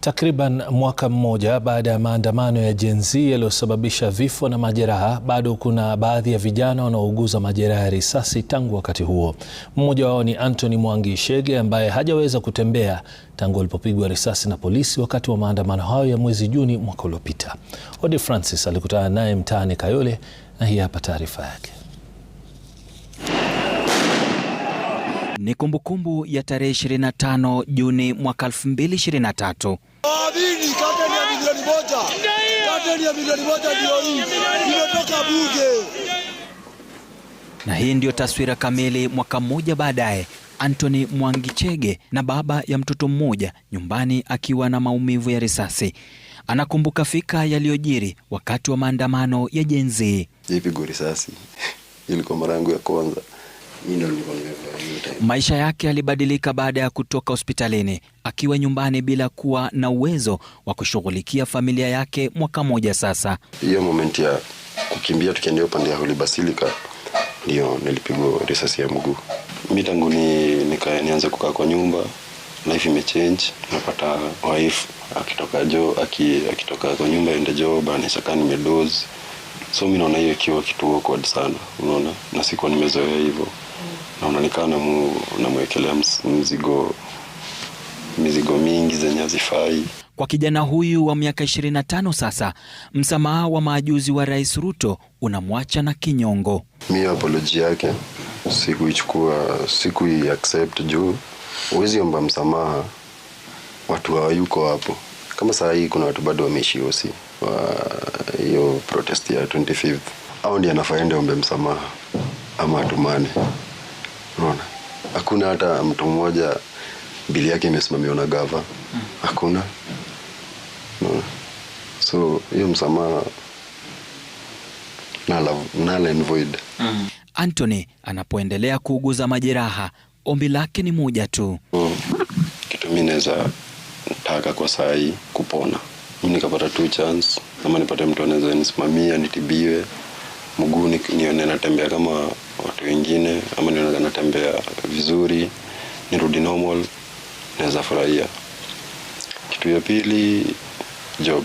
Takriban mwaka mmoja baada ya maandamano ya Gen Z yaliyosababisha vifo na majeraha, bado kuna baadhi ya vijana wanaouguza majeraha ya risasi tangu wakati huo. Mmoja wao ni Anthony Mwangi Shege ambaye hajaweza kutembea tangu alipopigwa risasi na polisi wakati wa maandamano hayo ya mwezi Juni mwaka uliopita. Odi Francis alikutana naye mtaani Kayole na hii hapa taarifa yake. Ni kumbukumbu ya tarehe 25 Juni mwaka 2023 Wawili kateni ya milioni moja, kateni ya milioni moja ndio hii imetoka Bunge. Na hii ndiyo taswira kamili mwaka mmoja baadaye, Anthony Mwangichege na baba ya mtoto mmoja nyumbani akiwa na maumivu ya risasi anakumbuka fika yaliyojiri wakati wa maandamano ya Gen Z. Ilipigwa risasi, ilikuwa mara yangu ya kwanza. Maisha yake yalibadilika baada ya kutoka hospitalini akiwa nyumbani bila kuwa na uwezo wa kushughulikia familia yake mwaka moja sasa. Hiyo moment ya kukimbia tukiendea upande ya Holy Basilica ndio nilipigwa risasi ya mguu. Mi tangu ni nianze kukaa kwa nyumba, life imechange. Napata wife akitoka jo aki, akitoka kwa nyumba ende job anaishakaa nimedoze, so mi naona hiyo ikiwa kitu awkward sana, unaona, na sikuwa nimezoea hivyo na unaonekana unamwekelea mzigo mizigo mingi zenye hazifai. Kwa kijana huyu wa miaka 25 sasa, msamaha wa maajuzi wa Rais Ruto unamwacha na kinyongo. Mi apoloji yake sikuichukua, accept juu huwezi omba msamaha, watu hawayuko hapo. Kama saa hii kuna watu bado wameishi osi wa hiyo protest ya 25th, au ndiye anafaa ende ombe msamaha ama atumane unaona hakuna hata mtu mmoja bili yake imesimamiwa na gava hakuna so hiyo msamaha null and void mm. Anthony anapoendelea kuuguza majeraha ombi lake ni moja tu mm. kitu mimi naweza taka kwa saa hii kupona mimi nikapata two chance kama nipate mtu anaweza nisimamia nitibiwe mguu nione natembea kama watu wengine, ama nionaga natembea vizuri, nirudi normal, naweza furahia. Kitu ya pili, job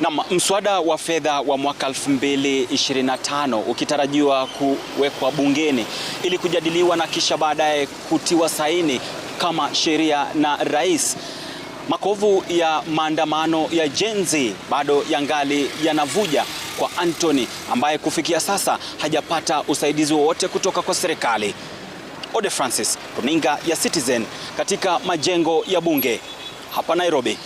nam mswada wa fedha wa mwaka 2025 ukitarajiwa kuwekwa bungeni ili kujadiliwa na kisha baadaye kutiwa saini kama sheria na rais. Makovu ya maandamano ya Gen Z bado yangali yanavuja kwa Anthony ambaye kufikia sasa hajapata usaidizi wowote kutoka kwa serikali. Ode Francis, runinga ya Citizen katika majengo ya bunge hapa Nairobi.